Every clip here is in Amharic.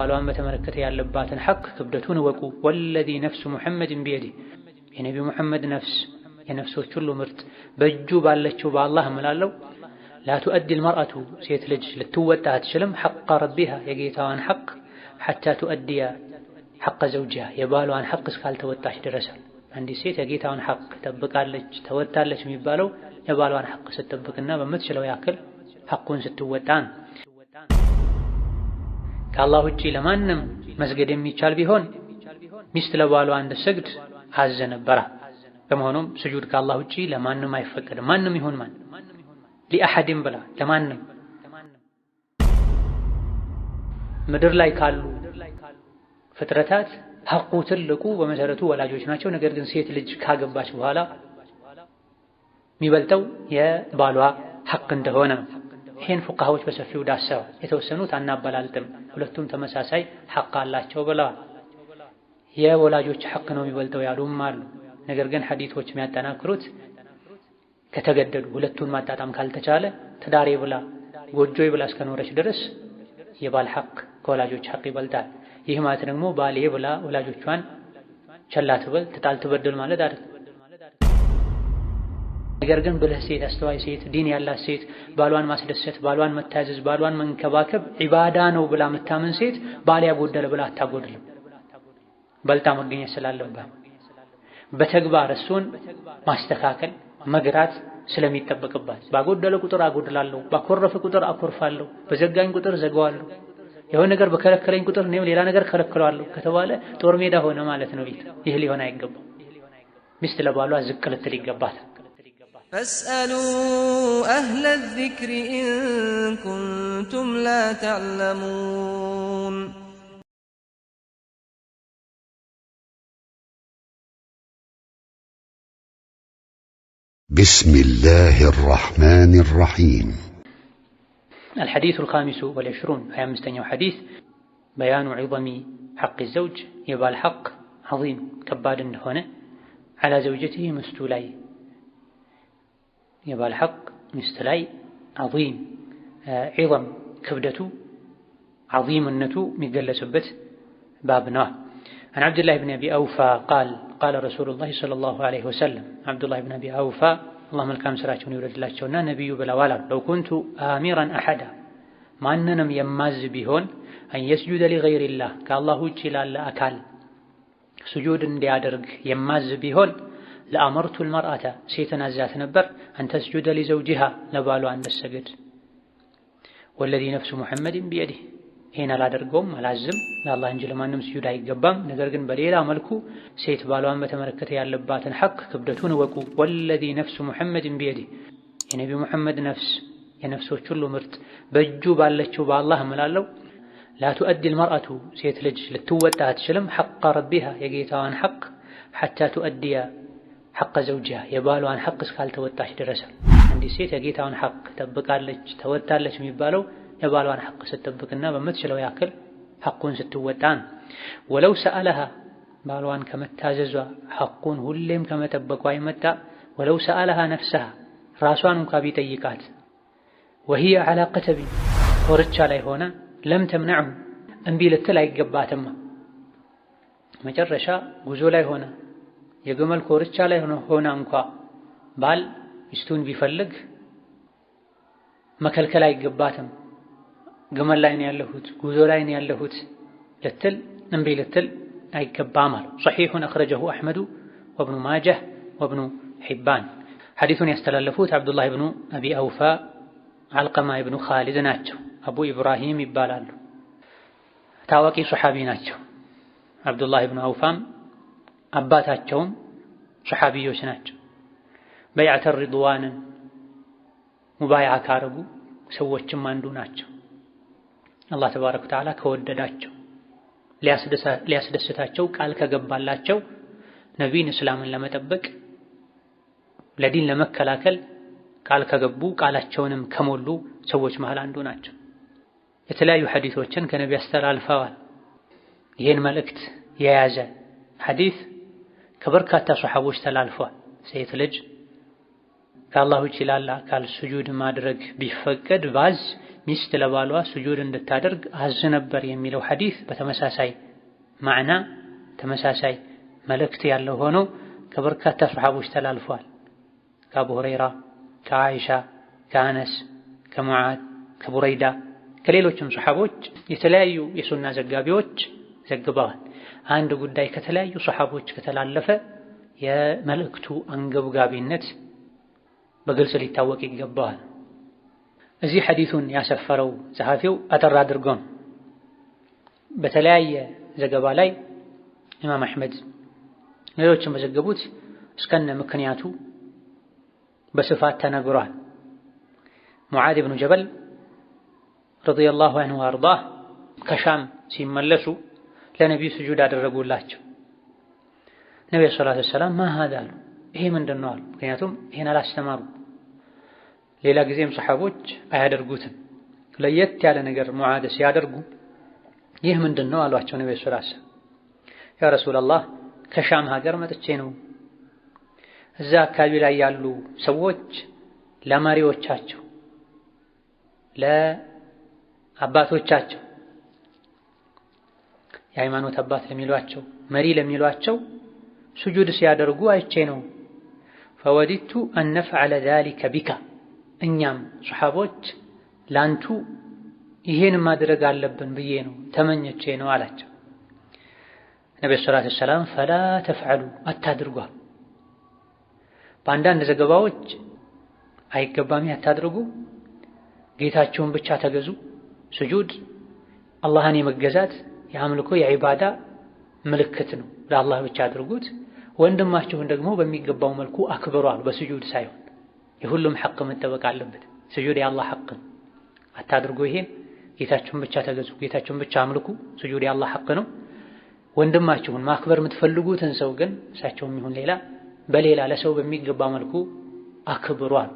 ቃሏን በተመለከተ ያለባትን ሐቅ ክብደቱን እወቁ። ወለዚ ነፍሱ ሙሐመድን ቢየዲ የነቢ ሙሐመድ ነፍስ የነፍሶች ሁሉ ምርጥ በእጁ ባለችው በአላህ እምላለው ላቱአዲ ልመርአቱ ሴት ልጅ ልትወጣ አትችልም ሐቀ ረቢሃ የጌታዋን ሐቅ ሐታ ቱአዲያ ሐቀ ዘውጅሃ የባሏን ሐቅ እስካልተወጣች ድረሳል። አንዲት ሴት የጌታዋን ሐቅ ጠብቃለች ተወጣለች የሚባለው የባሏን ሐቅ ስትጠብቅና በምትችለው ያክል ሐቁን ስትወጣ ነው። ከአላህ ውጪ ለማንም መስገድ የሚቻል ቢሆን ሚስት ለባሏ እንድትሰግድ አዘ ነበራ። በመሆኑም ስጁድ ከአላህ ውጪ ለማንም አይፈቀድም። ማንም ይሁን ማን ሊአሐድም ብላ ለማንም ምድር ላይ ካሉ ፍጥረታት ሐቁ ትልቁ በመሰረቱ ወላጆች ናቸው። ነገር ግን ሴት ልጅ ካገባች በኋላ የሚበልጠው የባሏ ሐቅ እንደሆነ ነው። ይሄን ፉቃሃዎች በሰፊው ዳሰው የተወሰኑት አናበላልጥም ሁለቱም ተመሳሳይ ሐቅ አላቸው ብለዋል። የወላጆች ሐቅ ነው የሚበልጠው ያሉም አሉ። ነገር ግን ሐዲቶች የሚያጠናክሩት ከተገደዱ ሁለቱን ማጣጣም ካልተቻለ ትዳሬ ብላ ጎጆ ብላ እስከኖረች ድረስ የባል ሐቅ ከወላጆች ሐቅ ይበልጣል። ይህ ማለት ደግሞ ባሌ ብላ ወላጆቿን ቸላ ትበል ትጣል ትበድል ማለት አይደል። ነገር ግን ብልህ ሴት፣ አስተዋይ ሴት፣ ዲን ያላት ሴት ባሏን ማስደሰት፣ ባሏን መታዘዝ፣ ባሏን መንከባከብ ዒባዳ ነው ብላ የምታምን ሴት ባል ያጎደለ ብላ አታጎድልም። በልጣ መገኘት ስላለባት በተግባር እሱን ማስተካከል መግራት ስለሚጠበቅባት ባጎደለ ቁጥር አጎድላለሁ፣ ባኮረፈ ቁጥር አኮርፋለሁ፣ በዘጋኝ ቁጥር ዘጋዋለሁ፣ የሆነ ነገር በከለከለኝ ቁጥር እኔም ሌላ ነገር ከለክለዋለሁ ከተባለ ጦር ሜዳ ሆነ ማለት ነው። ይህ ሊሆን አይገባም። ሚስት ለባሏ ዝቅ ልትል ይገባታል። فاسألوا أهل الذكر إن كنتم لا تعلمون بسم الله الرحمن الرحيم الحديث الخامس والعشرون أيام مستني حديث بيان عظم حق الزوج يبال حق عظيم كبار هنا على زوجته مستولاي يبال حق مستلاي عظيم آه، عظم كبدته عظيم النتو قل سبت بابنا عن عبد الله بن أبي أوفى قال قال رسول الله صلى الله عليه وسلم عبد الله بن أبي أوفى اللهم الكام سراجون يولد الله شونا نبي بلا ولا لو كنت آميرا أحدا ما أننا يماز بهون أن يسجد لغير الله كالله جلال لا أكال سجود ديادرق يماز بهون لأمرت المرأة سيتنا زيات نبر أن تسجد لزوجها لبالو عند السجد والذي نفس محمد بيده هنا لا درقوم لا زم لا الله إنجل ما نمس يدعي قبام نذرقن بليل عملكو سيت بالو عمت مركتي اللبات لبات الحق كبدتون وكو والذي نفس محمد بيده يعني محمد نفس يا نفسه كل مرت بجو بالتشو بالله ملالو لا تؤدي المرأة سيتلج لتوتها تشلم حق ربها يقيتها عن حق حتى تؤدي ሐቀ ዘውጂያ የባሏን ሐቅ እስካልተወጣች ድረስ አንዲት ሴት የጌታውን ሐቅ ጠብቃለች ተወጣለች የሚባለው የባሏን ሐቅ ስትጠብቅና በምትችለው ያክል ሐቁን ስትወጣን ወለው ሰአለሃ ባሏን ከመታዘዟ ሐቁን ሁሌም ከመጠበቋ ይመጣ ወለው ሰአለሃ ነፍሰሃ ራሷን እንኳ ቢጠይቃት ወህየ ዐላ ቀተቢ ኮርቻ ላይ ሆነ ለም ተምነዑ እምቢ ልትል አይገባትማ መጨረሻ ጉዞ ላይ ሆነ የግመል ኮርቻ ላይ ሆና እንኳ ባል ሚስቱን ቢፈልግ መከልከል አይገባትም። ግመል ላይ ነው ያለሁት፣ ጉዞ ላይ ነው ያለሁት ልትል እምቢ ልትል አይገባም አሉ። ሰሒሑን አኽረጀሁ አሕመዱ ወብኑ ማጀህ ወብኑ ሒባን። ሐዲሱን ያስተላለፉት አብዱላህ ብኑ አቢ አውፋ አልቀማ ብኑ ኻሊድ ናቸው። አቡ ኢብራሂም ይባላሉ። ታዋቂ ሰሓቢ ናቸው። አብዱላህ ብኑ አውፋም አባታቸውም ሰሓቢዮች ናቸው። በይዓተ ሪድዋንን ሙባይዓ ካረጉ ሰዎችም አንዱ ናቸው። አላህ ተባረከ ወተዓላ ከወደዳቸው ሊያስደስታቸው ቃል ከገባላቸው ነቢይን እስላምን ለመጠበቅ ለዲን ለመከላከል ቃል ከገቡ ቃላቸውንም ከሞሉ ሰዎች መሃል አንዱ ናቸው። የተለያዩ ሐዲሶችን ከነቢ አስተላልፈዋል። ይህን መልእክት የያዘ ሐዲስ ከበርካታ ሰሐቦች ተላልፏል። ሴት ልጅ ከአላህ ውጭ ላለ አካል ስጁድ ማድረግ ቢፈቀድ ባዝ ሚስት ለባሏ ስጁድ እንድታደርግ አዝ ነበር የሚለው ሐዲስ በተመሳሳይ ማዕና ተመሳሳይ መልእክት ያለው ሆኖ ከበርካታ ሰሐቦች ተላልፏል። ከአቡ ሁረይራ፣ ከአይሻ፣ ከአነስ፣ ከሙዓድ፣ ከቡረይዳ ከሌሎችም ሰሐቦች የተለያዩ የሱና ዘጋቢዎች ዘግበዋል። አንድ ጉዳይ ከተለያዩ ሰሓቦች ከተላለፈ የመልእክቱ አንገብጋቢነት በግልጽ ሊታወቅ ይገባዋል። እዚህ ሐዲሱን ያሰፈረው ጸሐፊው አጠር አድርጎን በተለያየ ዘገባ ላይ ኢማም አሕመድ ሌሎችም በዘገቡት እስከነ ምክንያቱ በስፋት ተነግሯል። ሙዓዝ ብኑ ጀበል ረዲየላሁ አንሁ አርዳህ ከሻም ሲመለሱ ለነቢዩ ስጁድ አደረጉላቸው። ነቢዩ ሰላቱ ሰላም ማሃዛ አሉ፣ ይሄ ምንድን ነው አሉ። ምክንያቱም ይሄን አላስተማሩ። ሌላ ጊዜም ሰሓቦች አያደርጉትም። ለየት ያለ ነገር ሙዓደ ሲያደርጉ ይህ ምንድን ነው አሏቸው። ነቢዩ ሰላቱ ያ ረሱላላህ ከሻም ሀገር መጥቼ ነው እዛ አካባቢ ላይ ያሉ ሰዎች ለመሪዎቻቸው ለአባቶቻቸው የሃይማኖት አባት ለሚሏቸው መሪ ለሚሏቸው ስጁድ ሲያደርጉ አይቼ ነው። ፈወዲቱ አነፍዐለ ዛሊከ ቢካ እኛም ሰሓቦች ላንቱ ይሄን ማድረግ አለብን ብዬ ነው ተመኘቼ ነው አላቸው። ነቢ ሰላት ሰላም ፈላ ተፍዐሉ አታድርጓል። በአንዳንድ ዘገባዎች አይገባም አታድርጉ፣ ጌታችሁን ብቻ ተገዙ፣ ስጁድ አላህን የመገዛት የአምልኮ የዒባዳ ምልክት ነው። ለአላህ ብቻ አድርጉት። ወንድማችሁን ደግሞ በሚገባው መልኩ አክብሯል። በስጁድ ሳይሆን የሁሉም ሐቅ መጠበቅ አለበት። ስጁድ የአላህ ሐቅ ነው። አታድርጉ ይሄን ጌታችሁን ብቻ ተገዙ፣ ጌታችሁን ብቻ አምልኩ። ስጁድ የአላህ ሐቅ ነው። ወንድማችሁን ማክበር የምትፈልጉትን ሰው ግን እሳቸውም ይሁን ሌላ በሌላ ለሰው በሚገባ መልኩ አክብሯል።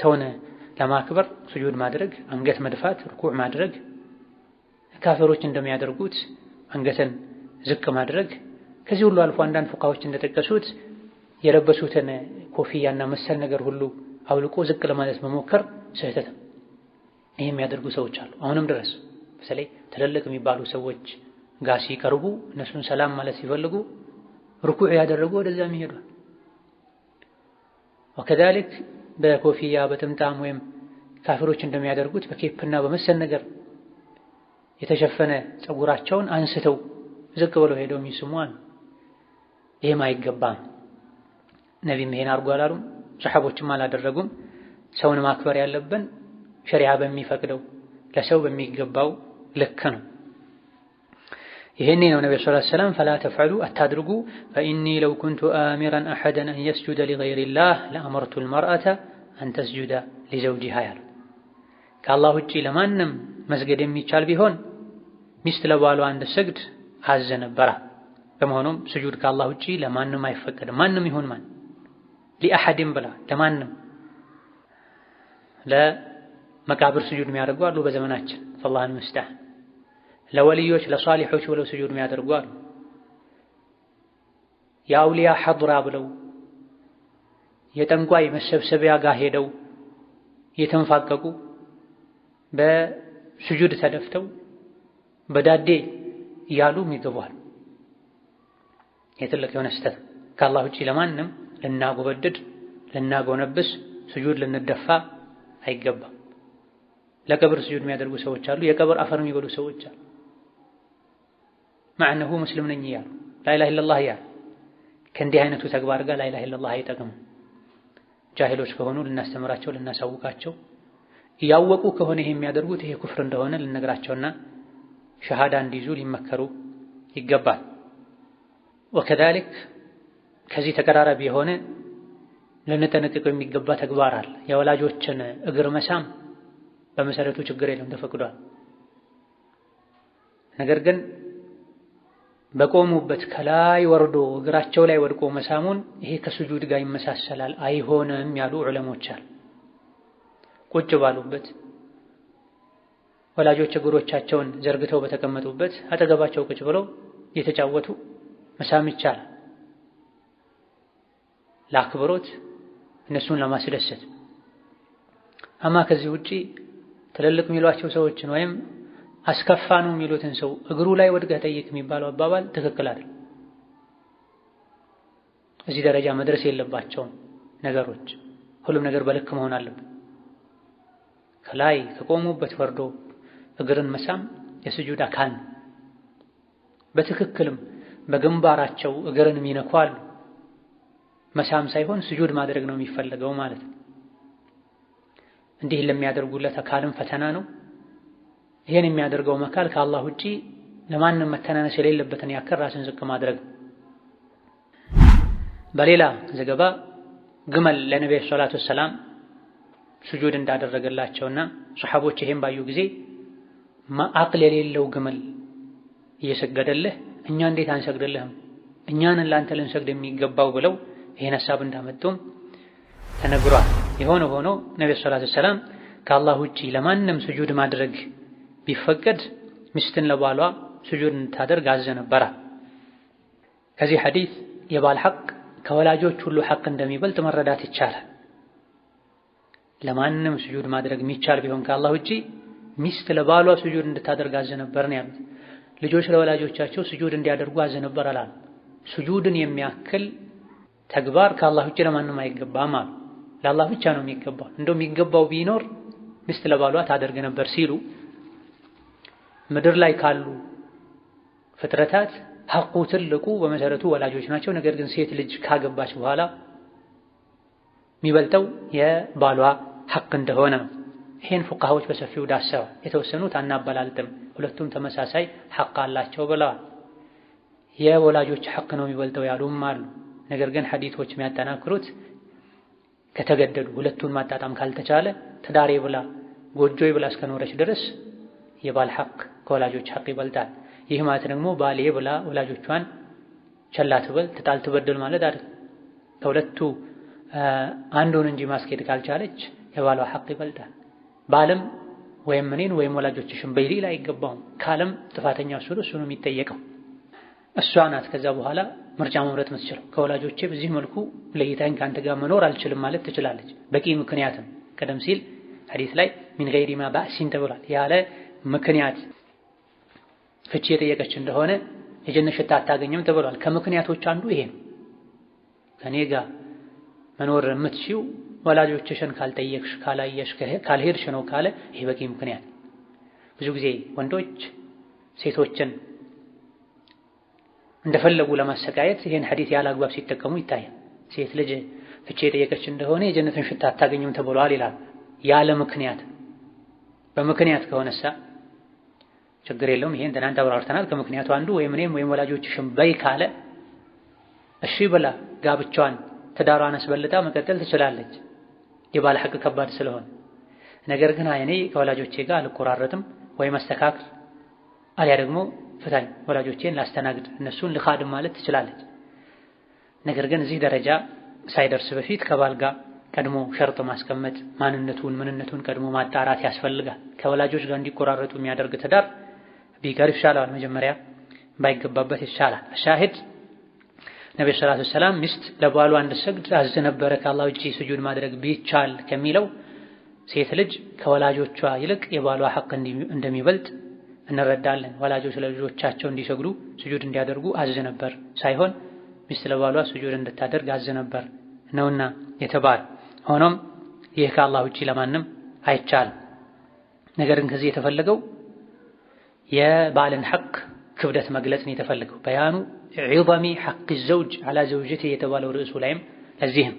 ሰውን ለማክበር ስጁድ ማድረግ፣ አንገት መድፋት፣ ርኩዕ ማድረግ ካፈሮች እንደሚያደርጉት አንገትን ዝቅ ማድረግ ከዚህ ሁሉ አልፎ አንዳንድ ፉካዎች እንደጠቀሱት የለበሱትን ኮፍያና መሰል ነገር ሁሉ አውልቆ ዝቅ ለማለት መሞከር ስህተት ይህ የሚያደርጉ ሰዎች አሉ። አሁንም ድረስ በተለይ ትልልቅ የሚባሉ ሰዎች ጋር ሲቀርቡ እነሱን ሰላም ማለት ሲፈልጉ ርኩዕ ያደረጉ ወደዛ ይሄዷል። ወከዛሊክ በኮፍያ በጥምጣም ወይም ካፊሮች እንደሚያደርጉት በኬፕና በመሰል ነገር የተሸፈነ ፀጉራቸውን አንስተው ዝቅ ብለው ሄደው የሚስሙ ይህም አይገባም። ነቢም ይሄን አርጎ አላሉም፣ ሰሓቦችም አላደረጉም። ሰውን ማክበር ያለብን ሸሪያ በሚፈቅደው ለሰው በሚገባው ልክ ነው። ይህኔ ነው ነቢ ሰለላሁ ሰላም ፈላ ተፍዐሉ አታድርጉ፣ ፈኢኒ ለው ኩንቱ አሚራን አሐደን አን የስጁደ ሊገይሪላህ ለአመርቱ ልመርአተ አን ተስጁደ ሊዘውጂሃ ያሉት ከአላህ ውጪ ለማንም መስገድ የሚቻል ቢሆን ሚስት ለባሏ እንድትሰግድ አዘ ነበራ። በመሆኑም ስጁድ ከአላህ ውጪ ለማንም አይፈቀድም። ማንም ይሁን ማን ሊአሐድም ብላ ለማንም ለመቃብር ስጁድ የሚያደርጉ አሉ በዘመናችን ፈላህን ምስታህ ለወልዮች ለሷሊሖች ብለው ስጁድ የሚያደርጉ አሉ። የአውሊያ ሐድራ ብለው የጠንቋይ መሰብሰቢያ ጋር ሄደው የተንፋቀቁ በስጁድ ተደፍተው በዳዴ እያሉ ይገቧል። የትልቅ የሆነ ስህተት ከአላህ ውጪ ለማንም ልናጎበድድ፣ ልናጎነብስ፣ ስጁድ ልንደፋ አይገባም። ለቀብር ስጁድ የሚያደርጉ ሰዎች አሉ። የቀብር አፈር የሚበሉ ሰዎች አሉ። ማዕነሁ ሙስሊም ነኝ እያሉ ላኢላሃ ኢለላህ እያሉ ከእንዲህ አይነቱ ተግባር ጋር ላኢላሃ ኢለላህ አይጠቅምም። ጃሂሎች ከሆኑ ልናስተምራቸው፣ ልናሳውቃቸው እያወቁ ከሆነ ይሄ የሚያደርጉት ይሄ ኩፍር እንደሆነ ልነግራቸውና ሸሃዳ እንዲይዙ ሊመከሩ ይገባል። ወከዛሊክ ከዚህ ተቀራራቢ የሆነ ልንጠነቀቀው የሚገባ ተግባር አለ። የወላጆችን እግር መሳም በመሰረቱ ችግር የለም፣ ተፈቅዷል። ነገር ግን በቆሙበት ከላይ ወርዶ እግራቸው ላይ ወድቆ መሳሙን ይሄ ከስጁድ ጋር ይመሳሰላል፣ አይሆንም ያሉ ዑለሞች አሉ። ቁጭ ባሉበት ወላጆች እግሮቻቸውን ዘርግተው በተቀመጡበት አጠገባቸው ቁጭ ብለው እየተጫወቱ መሳም ይቻላል። ለአክብሮት እነሱን ለማስደሰት። አማ ከዚህ ውጪ ትልልቅ የሚሏቸው ሰዎችን ወይም አስከፋ ነው የሚሉትን ሰው እግሩ ላይ ወድቀህ ጠይቅ የሚባለው አባባል ትክክል አይደል። እዚህ ደረጃ መድረስ የለባቸውም ነገሮች። ሁሉም ነገር በልክ መሆን አለበት። ከላይ ከቆሙበት ወርዶ እግርን መሳም የስጁድ አካል ነው። በትክክልም በግንባራቸው እግርን ይነኳሉ። መሳም ሳይሆን ስጁድ ማድረግ ነው የሚፈለገው ማለት ነው። እንዲህ ለሚያደርጉለት አካልም ፈተና ነው። ይሄን የሚያደርገው መካል ከአላህ ውጪ ለማንም መተናነስ የሌለበትን ያክል ራስን ዝቅ ማድረግ። በሌላ ዘገባ ግመል ለነቢዩ ሰላቱ ሰላም ስጁድ እንዳደረገላቸውና ሰሓቦች ይሄን ባዩ ጊዜ አቅል የሌለው ግመል እየሰገደልህ እኛ እንዴት አንሰግድልህም? እኛንን ለአንተ ልንሰግድ የሚገባው ብለው ይህን ሀሳብ እንዳመጡም ተነግሯል። የሆነ ሆኖ ነቢዩ ሰላቱ ሰላም ከአላህ ውጪ ለማንም ስጁድ ማድረግ ቢፈቀድ ሚስትን ለባሏ ስጁድ እንድታደርግ አዘ ነበራ። ከዚህ ሐዲስ የባል ሐቅ ከወላጆች ሁሉ ሐቅ እንደሚበልጥ መረዳት ይቻላል። ለማንም ስጁድ ማድረግ የሚቻል ቢሆን ከአላህ ውጪ ሚስት ለባሏ ስጁድ እንድታደርግ ነው ያሉት ልጆች ለወላጆቻቸው ስጁድ እንዲያደርጉ ነበር አላሉ። ስጁድን የሚያክል ተግባር ከአላህ ውጭ ለማንም አይገባም አሉ። ለአላህ ብቻ ነው የሚገባው። እንደው የሚገባው ቢኖር ሚስት ለባሏ ታደርግ ነበር ሲሉ ምድር ላይ ካሉ ፍጥረታት ሐቁ ትልቁ በመሰረቱ ወላጆች ናቸው። ነገር ግን ሴት ልጅ ካገባች በኋላ የሚበልጠው የባሏ ሐቅ እንደሆነ ነው። ይህን ፉቃሃዎች በሰፊው ዳሰው የተወሰኑት አናበላልጥም፣ ሁለቱም ተመሳሳይ ሐቅ አላቸው ብለዋል። የወላጆች ሐቅ ነው የሚበልጠው ያሉም አሉ። ነገር ግን ሐዲቶች የሚያጠናክሩት ከተገደዱ ሁለቱን ማጣጣም ካልተቻለ ትዳሬ ብላ ጎጆ ብላ እስከኖረች ድረስ የባል ሐቅ ከወላጆች ሐቅ ይበልጣል። ይህ ማለት ደግሞ ባሌ ብላ ወላጆቿን ቸላ ትበል ትጣል ትበደል ማለት አይደል። ከሁለቱ አንዱን እንጂ ማስኬድ ካልቻለች የባሏ ሐቅ ይበልጣል። በዓለም ወይም እኔን ወይም ወላጆችሽን በሌላ አይገባውም ካለም ጥፋተኛ እሱ ነው፣ የሚጠየቀው። እሷ ናት ከዛ በኋላ ምርጫ መምረጥ የምትችለው። ከወላጆቼ በዚህ መልኩ ለይታኝ ከአንተ ጋር መኖር አልችልም ማለት ትችላለች። በቂ ምክንያትም ቀደም ሲል ሐዲስ ላይ ሚን ገይሪ ማ ባእሲን ተብሏል። ያለ ምክንያት ፍቺ የጠየቀች እንደሆነ የጀነት ሽታ አታገኝም ተብሏል። ከምክንያቶች አንዱ ይሄ ነው። ከኔ ጋር መኖር የምትችው ወላጆችሽን ካልጠየቅሽ ካላየሽ ካልሄድሽ ነው ካለ ይሄ በቂ ምክንያት። ብዙ ጊዜ ወንዶች ሴቶችን እንደፈለጉ ለማሰቃየት ይህን ሀዲስ ያለ አግባብ ሲጠቀሙ ይታያል። ሴት ልጅ ፍቼ የጠየቀች እንደሆነ የጀነትን ሽታ አታገኝም ተብሏል ይላል ያለ ምክንያት። በምክንያት ከሆነሳ ችግር የለውም። ይሄን ትናንት አብራርተናል። ከምክንያቱ አንዱ ወይም እኔም ወይም ወላጆችሽን በይ ካለ እሺ ብላ ጋብቻዋን ትዳሯን አስበልጣ መቀጠል ትችላለች። የባለ ሐቅ ከባድ ስለሆነ ነገር ግን እኔ ከወላጆቼ ጋር አልቆራረጥም ወይ መስተካክል አሊያ ደግሞ ፍታኝ ወላጆቼን ላስተናግድ እነሱን ልኻድም ማለት ትችላለች። ነገር ግን እዚህ ደረጃ ሳይደርስ በፊት ከባል ጋር ቀድሞ ሸርጥ ማስቀመጥ ማንነቱን ምንነቱን ቀድሞ ማጣራት ያስፈልጋል። ከወላጆች ጋር እንዲቆራረጡ የሚያደርግ ትዳር ቢቀር ይሻላል፣ መጀመሪያ ባይገባበት ይሻላል። አሻሂድ ነቢ ሰላቱ ሰላም ሚስት ለባሏ እንድትሰግድ ታዝ ነበረ። ከአላህ ውጪ ስጁድ ማድረግ ቢቻል ከሚለው ሴት ልጅ ከወላጆቿ ይልቅ የባሏ ሐቅ እንደሚበልጥ እንረዳለን። ወላጆች ለልጆቻቸው እንዲሰግዱ ስጁድ እንዲያደርጉ አዝ ነበር ሳይሆን ሚስት ለባሏ ስጁድ እንድታደርግ አዝ ነበር ነውና የተባለ። ሆኖም ይህ ከአላህ ውጪ ለማንም አይቻልም። ነገር ግን ከዚህ የተፈለገው የባልን ሐቅ ክብደት መግለጽ የተፈልገው? የተፈለገው በያኑ عظم حق الزوج على زوجته يتوالى رؤوسه لايم الزهم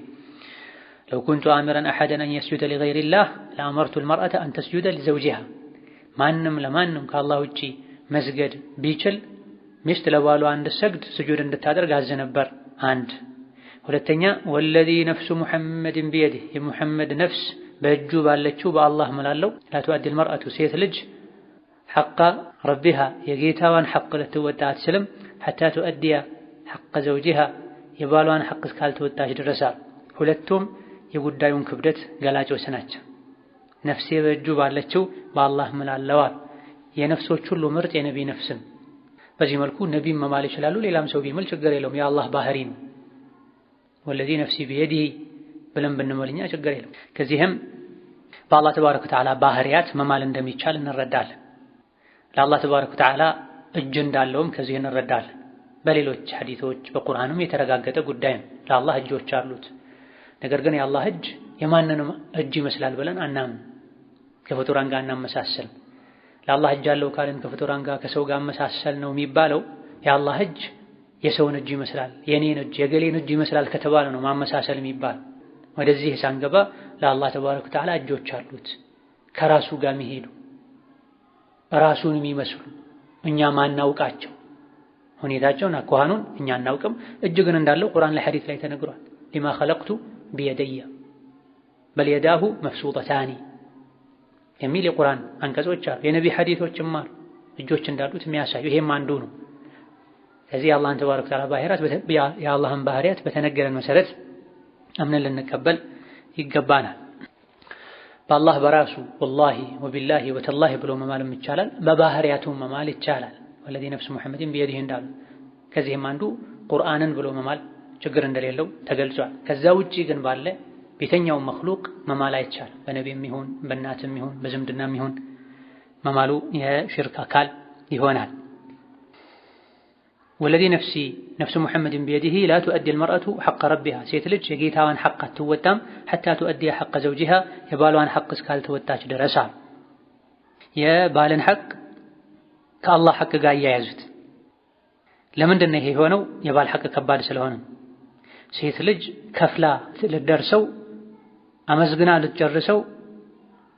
لو كنت آمرا أحدا أن يسجد لغير الله لأمرت المرأة أن تسجد لزوجها ما نم لما نم كالله جي مسجد بيشل مشت لوالو عند السجد سجود عند التادر غاز نبر عند ولتنيا والذي نفس محمد بيده يا محمد نفس بجو بالتشو الله ملالو لا تؤدي المرأة سيثلج حق ربها يجيتها وان حق لتوتا تسلم ሐታ ቱአድያ ሐቀ ዘውጅሃ የባሏን ሐቅ እስካልተወጣች ድረሳል። ሁለቱም የጉዳዩን ክብደት ገላጮች ናቸው። ነፍሴ በእጁ ባለችው በአላህ ምላለዋል። የነፍሶች ሁሉ ምርጥ የነቢ ነፍስም። በዚህ መልኩ ነቢም መማል ይችላሉ። ሌላም ሰው ቢምል ችግር የለውም። የአላህ ባህሪ ነው። ወለዚ ነፍሲ ቢየዲሂ ብለን ብንመልኛ ችግር የለም። ከዚህም በአላህ ተባረከ ወተዓላ ባህሪያት መማል እንደሚቻል እንረዳለን። ለአላህ ተባረከ ወተዓላ እጅ እንዳለውም ከዚህ እንረዳለን። በሌሎች ሐዲቶች በቁርአንም የተረጋገጠ ጉዳይ ነው። ለአላህ እጆች አሉት። ነገር ግን የአላህ እጅ የማንንም እጅ ይመስላል ብለን አናምን። ከፍጡራን ጋር እናመሳሰል። ለአላህ እጅ አለው ካልን ከፍጡራን ጋር ከሰው ጋር አመሳሰል ነው የሚባለው። የአላህ እጅ የሰውን እጅ ይመስላል፣ የእኔን እጅ የገሌን እጅ ይመስላል ከተባለ ነው ማመሳሰል የሚባል። ወደዚህ ሳንገባ ለአላህ ተባረከ ወተዓላ እጆች አሉት ከራሱ ጋር የሚሄዱ ራሱን የሚመስሉ እኛ ማናውቃቸው ሁኔታቸውን አኳኋኑን እኛ አናውቅም። እጅግን እንዳለው ቁርአን ላይ ሐዲስ ላይ ተነግሯል። ሊማ ኸለቅቱ ቢየደየ በል የዳሁ መፍሱጠታኒ የሚል የቁርአን አንቀጾች አሉ። የነቢ ሐዲቶችም አሉ። እጆች እንዳሉት የሚያሳዩ ይሄም አንዱ ነው። ስለዚህ የአላህን ተባረክ ወተዓላ ባህሪያት የአላህን ባህሪያት በተነገረን መሰረት አምነን ልንቀበል ይገባናል። በአላህ በራሱ ወላሂ ወቢላሂ ወተላሂ ብሎ መማልም ይቻላል። በባህሪያቱም መማል ይቻላል። ወለዚ ነፍስ ሙሐመድን ቢየዲህ እንዳሉ ከዚህም አንዱ ቁርአንን ብሎ መማል ችግር እንደሌለው ተገልጿል። ከዛ ውጪ ግን ባለ ቤተኛው መክሉቅ መማል አይቻልም። በነቢም ይሁን በእናትም ይሁን በዝምድናም ይሁን መማሉ የሽርክ አካል ይሆናል። والذي نفسي نفس محمد بيده لا تؤدي المرأة حق ربها سيتلج يقيتها عن حق توتام حتى تؤدي حق زوجها يبالو عن حق سكال توتاش درسها يا بالن حق كالله حق قاية يزد لمن دنه هي هونو يبال حق كبار سلهون سيتلج كفلا للدرسو أمزقنا للجرسو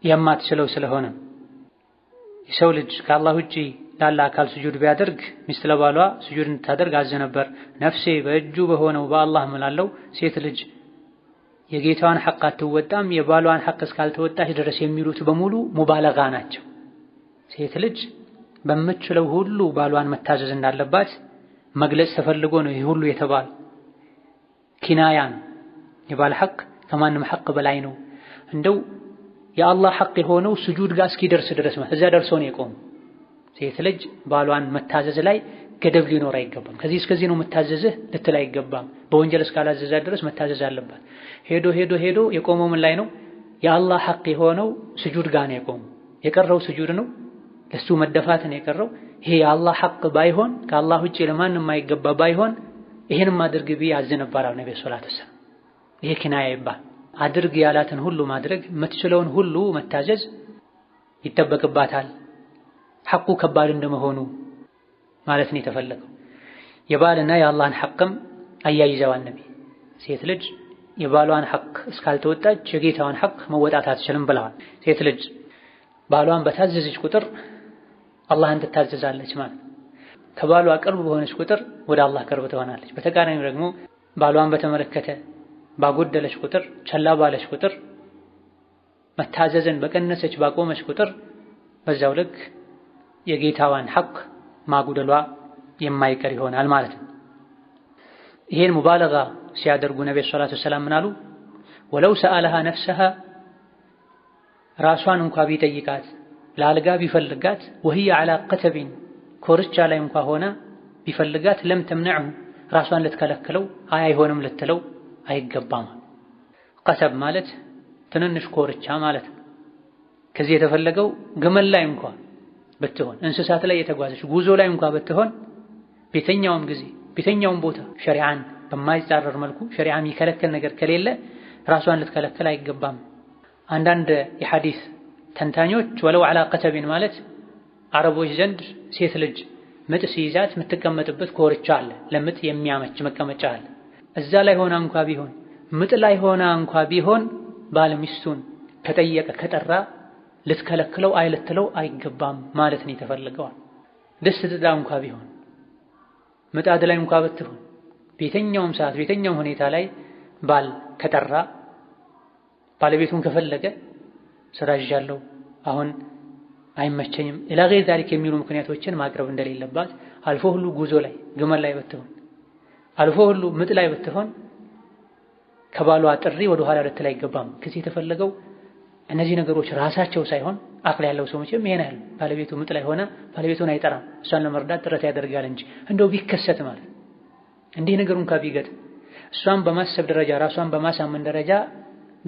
يمات سلو سلهون يسولج كالله جي ያለ አካል ስጁድ ቢያደርግ ሚስት ለባሏ ስጁድ እንድታደርግ አዘ ነበር። ነፍሴ በእጁ በሆነው በአላህ እምላለው ሴት ልጅ የጌታዋን ሐቅ አትወጣም የባሏን ሐቅ እስካልተወጣች ድረስ የሚሉት በሙሉ ሙባለጋ ናቸው። ሴት ልጅ በምትችለው ሁሉ ባሏን መታዘዝ እንዳለባት መግለጽ ተፈልጎ ነው ይህ ሁሉ የተባለ ኪናያ ነው። የባል ሐቅ ከማንም ሐቅ በላይ ነው። እንደው የአላህ ሐቅ የሆነው ስጁድ ጋር እስኪደርስ ድረስ እዚያ ደርሶ ነው የቆመው። ሴት ልጅ ባሏን መታዘዝ ላይ ገደብ ሊኖር አይገባም። ከዚህ እስከዚህ ነው መታዘዝህ ልትል አይገባም። በወንጀል እስካላዘዛ ድረስ መታዘዝ አለባት። ሄዶ ሄዶ ሄዶ የቆመው ምን ላይ ነው? የአላህ ሐቅ የሆነው ስጁድ ጋር ነው የቆመው። የቀረው ስጁድ ነው ለሱ መደፋት ነው የቀረው። ይሄ የአላህ ሐቅ ባይሆን ከአላህ ውጪ ለማንም የማይገባ ባይሆን ይሄንም አድርግ ብዬ አዝ ነበር አለ ነብዩ ሰለላሁ ዐለይሂ ወሰለም። ይሄ ኪናያ ይባል። አድርግ ያላትን ሁሉ ማድረግ፣ የምትችለውን ሁሉ መታዘዝ ይጠበቅባታል። ሐቁ ከባድ እንደመሆኑ ማለት ነው የተፈለገው። የባልና የአላህን ሐቅም አያይዘዋል ነቢ። ሴት ልጅ የባሏን ሐቅ እስካልተወጣች የጌታዋን ሐቅ መወጣት አትችልም ብለዋል። ሴት ልጅ ባሏን በታዘዘች ቁጥር አላህን ትታዘዛለች ማለት ከባሏ ቅርብ በሆነች ቁጥር ወደ አላህ ቅርብ ትሆናለች። በተቃራኒው ደግሞ ባሏን በተመለከተ ባጎደለች ቁጥር፣ ቸላ ባለች ቁጥር፣ መታዘዝን በቀነሰች ባቆመች ቁጥር በዛው ልክ የጌታዋን ሐቅ ማጉደሏ የማይቀር ይሆናል ማለት ነው። ይሄን ሙባለጋ ሲያደርጉ ነቢ ሰላቱ ወሰላም ምናሉ ወለው ሰአለሃ ነፍሰሃ ራሷን እንኳ ቢጠይቃት ለአልጋ ቢፈልጋት ወህየ ዐላ ከተቢን ኮርቻ ላይ እንኳ ሆነ ቢፈልጋት ለም ተምነዕሁ ራሷን ልትከለክለው አይ አይሆንም ልትለው አይገባም። ከተብ ማለት ትንንሽ ኮርቻ ማለት ነው። ከዚህ የተፈለገው ግመል ላይ እንኳ ብትሆን እንስሳት ላይ የተጓዘች ጉዞ ላይ እንኳ ብትሆን ቤተኛውም ጊዜ ቤተኛውም ቦታ ሸሪዓን በማይጻረር መልኩ ሸሪዓ የሚከለከል ነገር ከሌለ ራሷን ልትከለከል አይገባም። አንዳንድ የሐዲስ ተንታኞች ወለው ዐላ ቀተቢን ማለት አረቦች ዘንድ ሴት ልጅ ምጥ ሲይዛት የምትቀመጥበት ኮርቻ አለ፣ ለምጥ የሚያመች መቀመጫ አለ። እዛ ላይ ሆና እንኳ ቢሆን ምጥ ላይ ሆና እንኳ ቢሆን ባል ሚስቱን ከጠየቀ ከጠራ ልትከለክለው አይ አይገባም ማለት ነው የተፈለገዋል። ደስ ትጥዳ እንኳ ቢሆን ምጣድ ላይ እንኳ ብትሆን ቤተኛውም ሰዓት ቤተኛውም ሁኔታ ላይ ባል ከጠራ ባለቤቱን ከፈለገ ስራዣለሁ አሁን አይመቸኝም ኢላ ገይር ዛሊክ የሚሉ ምክንያቶችን ማቅረብ እንደሌለባት አልፎ ሁሉ ጉዞ ላይ ግመል ላይ ብትሆን አልፎ ሁሉ ምጥ ላይ ብትሆን ከባሏ ጥሪ ወደ ኋላ ልትል አይገባም። ክስ የተፈለገው እነዚህ ነገሮች ራሳቸው ሳይሆን አክል ያለው ሰው መቼም ይሄን ያህል ባለቤቱ ምጥ ላይ ሆነ ባለቤቱን አይጠራም፣ እሷን ለመርዳት ጥረት ያደርጋል እንጂ እንደው ቢከሰት ማለት እንዲህ ነገር እንኳ ቢገጥም እሷን በማሰብ ደረጃ ራሷን በማሳመን ደረጃ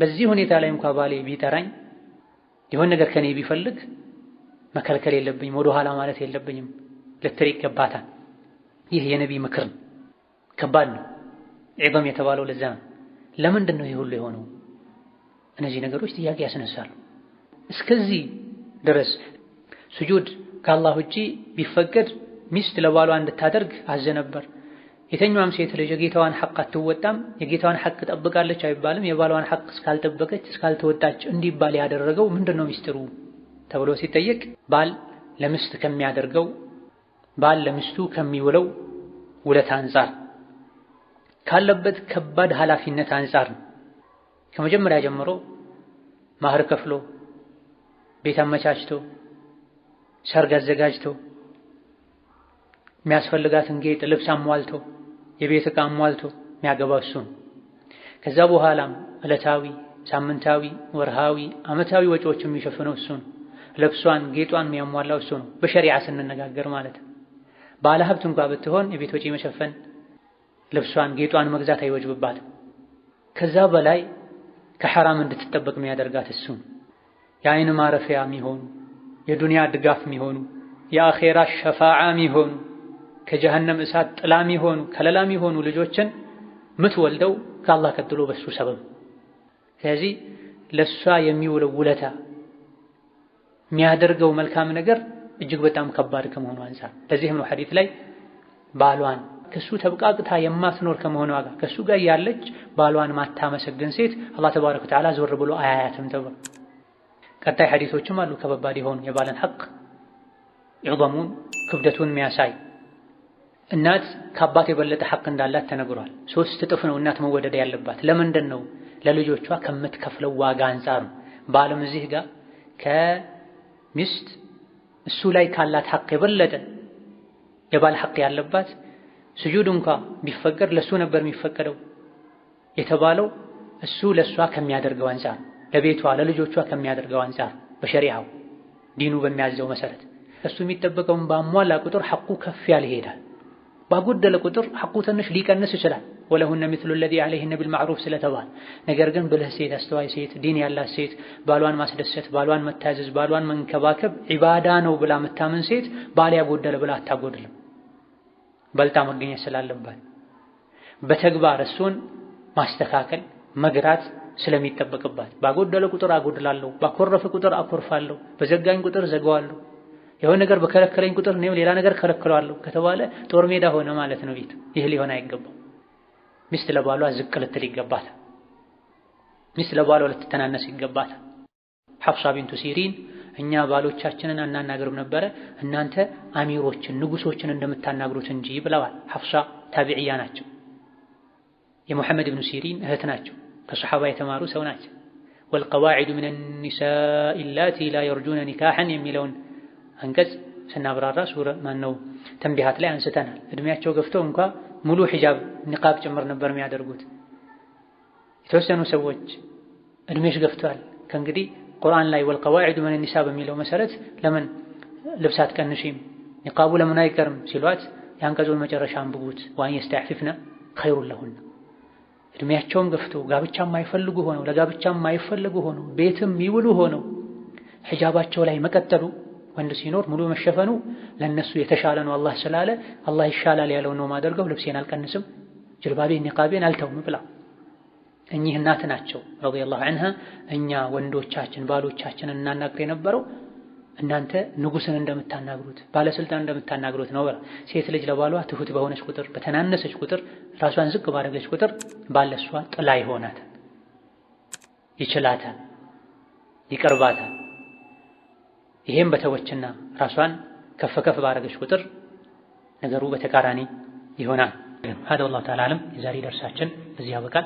በዚህ ሁኔታ ላይ እንኳ ባሌ ቢጠራኝ የሆን ነገር ከኔ ቢፈልግ መከልከል የለብኝም ወደ ኋላ ማለት የለብኝም ልትል ይገባታል። ይህ የነቢይ ምክር ከባድ ነው። ዒዘም የተባለው ለዛ ነው። ለምንድን ነው ይህ ሁሉ የሆነው? እነዚህ ነገሮች ጥያቄ ያስነሳሉ። እስከዚህ ድረስ ስጁድ ከአላህ ውጪ ቢፈቀድ ሚስት ለባሏ እንድታደርግ አዘ ነበር። የተኛዋም ሴት ልጅ የጌታዋን ሐቅ አትወጣም፣ የጌታዋን ሐቅ ጠብቃለች አይባልም። የባሏን ሐቅ እስካልጠበቀች እስካልተወጣች እንዲባል ያደረገው ምንድን ነው ሚስጥሩ ተብሎ ሲጠየቅ ባል ለምስት ከሚያደርገው ባል ለምስቱ ከሚውለው ውለት አንጻር ካለበት ከባድ ኃላፊነት አንጻር ነው። ከመጀመሪያ ጀምሮ ማህር ከፍሎ ቤት አመቻችቶ ሰርግ አዘጋጅቶ የሚያስፈልጋትን ጌጥ ልብስ አሟልቶ የቤት ዕቃ አሟልቶ የሚያገባው እሱ ነው። ከዛ በኋላም ዕለታዊ፣ ሳምንታዊ፣ ወርሃዊ፣ ዓመታዊ ወጪዎች የሚሸፍነው እሱ ነው። ልብሷን ጌጧን የሚያሟላው እሱ ነው። በሸሪዓ ስንነጋገር ማለት ባለ ሀብት እንኳ ብትሆን የቤት ወጪ መሸፈን ልብሷን ጌጧን መግዛት አይወጅብባትም። ከዛ በላይ ከሐራም እንድትጠበቅ የሚያደርጋት እሱ የአይን ማረፊያ የሚሆኑ የዱንያ ድጋፍ የሚሆኑ የአኼራ ሸፋዓ የሚሆኑ ከጀሀነም እሳት ጥላ የሚሆኑ ከለላ የሚሆኑ ልጆችን ምትወልደው ከአላህ ቀጥሎ በሱ ሰበብ። ስለዚህ ለእሷ የሚውለው ውለታ የሚያደርገው መልካም ነገር እጅግ በጣም ከባድ ከመሆኑ አንፃር ለዚህም ነው ሐዲት ላይ ባሏን ከሱ ተብቃቅታ የማትኖር ከመሆኗ ጋር ከሱ ጋር ያለች ባሏን ማታመሰግን ሴት አላህ ተባረከ ወተዓላ ዞር ብሎ አያያትም ተብሎ ቀጣይ ሐዲሶችም አሉ። ከበባድ የሆኑ የባለን ሐቅ ዑዘሙን ክብደቱን የሚያሳይ እናት ከአባት የበለጠ ሐቅ እንዳላት ተነግሯል። ሶስት እጥፍ ነው እናት መወደድ ያለባት። ለምንድን ነው? ለልጆቿ ከምትከፍለው ዋጋ አንጻር ነው። ባልም እዚህ ጋር ከሚስት እሱ ላይ ካላት ሐቅ የበለጠ የባል ሐቅ ያለባት ስጁድ እንኳ ቢፈቀድ ለሱ ነበር የሚፈቀደው የተባለው እሱ ለሷ ከሚያደርገው አንጻር ለቤቷ ለልጆቿ ከሚያደርገው አንጻር በሸሪዓው ዲኑ በሚያዘው መሰረት እሱ የሚጠበቀውን ባሟላ ቁጥር ሐቁ ከፍ ያለ ይሄዳል። ባጎደለ ቁጥር ሐቁ ትንሽ ሊቀንስ ይችላል። ወለሁነ ሚስሉ ለዚ ዐለይሂነ ቢልማዕሩፍ ስለተባለ ነገር ግን ብልህ ሴት፣ አስተዋይ ሴት፣ ዲን ያላት ሴት ባሏን ማስደሰት፣ ባሏን መታዘዝ፣ ባሏን መንከባከብ ዒባዳ ነው ብላ የምታምን ሴት ባል ያጎደለ ብላ አታጎድልም። በልጣ መገኘት ስላለባት በተግባር እሱን ማስተካከል መግራት ስለሚጠበቅባት ባጎደለ ቁጥር አጎድላለሁ፣ ባኮረፈ ቁጥር አኮርፋለሁ፣ በዘጋኝ ቁጥር ዘጋዋለሁ፣ የሆነ ነገር በከለከለኝ ቁጥር እኔም ሌላ ነገር ከለክለዋለሁ ከተባለ ጦር ሜዳ ሆነ ማለት ነው ቤት። ይህ ሊሆን አይገባም። ሚስት ለባሏ ዝቅ ልትል ይገባታል። ሚስት ለባሏ ልትተናነስ ይገባታል። ሐፍሳ ቢንቱ ሲሪን እኛ ባሎቻችንን አናናገርም ነበረ እናንተ አሚሮችን ንጉሶችን እንደምታናግሩት እንጂ ብለዋል። ሐፍሳ ታቢዕያ ናቸው። የሙሐመድ ብኑ ሲሪን እህት ናቸው። ከሰሓባ የተማሩ ሰው ናቸው። ወልቀዋዒዱ ምን ኒሳ አላቲ ላ የርጁነ ኒካሐን የሚለውን አንቀጽ ስናብራራ ሱረ ማነው ተንቢሃት ላይ አንስተናል። እድሜያቸው ገፍቶ እንኳ ሙሉ ሒጃብ ኒቃብ ጭምር ነበር የሚያደርጉት። የተወሰኑ ሰዎች እድሜሽ ገፍቷል ከእንግዲህ ቁርአን ላይ ወልቀዋዒዱ ምን ኒሳ በሚለው መሰረት ለምን ልብስ አትቀንሺም ኒቃቡ ለምን አይቀርም ሲሏት የአንቀጹን መጨረሻ አንብቡት ዋን የስተዕፊፍነ ኸይሩን ለሁን እድሜያቸውም ገፍቶ ጋብቻ የማይፈልጉ ሆነው ለጋብቻ የማይፈልጉ ሆነው ቤትም ይውሉ ሆነው ሒጃባቸው ላይ መቀጠሉ ወንድ ሲኖር ሙሉ መሸፈኑ ለነሱ የተሻለ ነው አላህ ስላለ አላህ ይሻላል ያለው ነው ማደርገው ልብሴን አልቀንስም ጅልባቤን ኒቃቤን አልተውም ብላ እኚህ እናት ናቸው ረዲየላሁ ዐንሃ። እኛ ወንዶቻችን ባሎቻችን እናናግር የነበረው እናንተ ንጉስን እንደምታናግሩት ባለስልጣን እንደምታናግሩት ነው። ሴት ልጅ ለባሏ ትሁት በሆነች ቁጥር፣ በተናነሰች ቁጥር፣ ራሷን ዝቅ ባደረገች ቁጥር ባለሷ ጥላ ይሆናት ይችላታል፣ ይቀርባታል። ይሄም በተወችና ራሷን ከፍ ከፍ ባደረገች ቁጥር ነገሩ በተቃራኒ ይሆናል። ሀደ ወላሁ ተዓላ አለም። የዛሬ ደርሳችን እዚህ ያበቃል።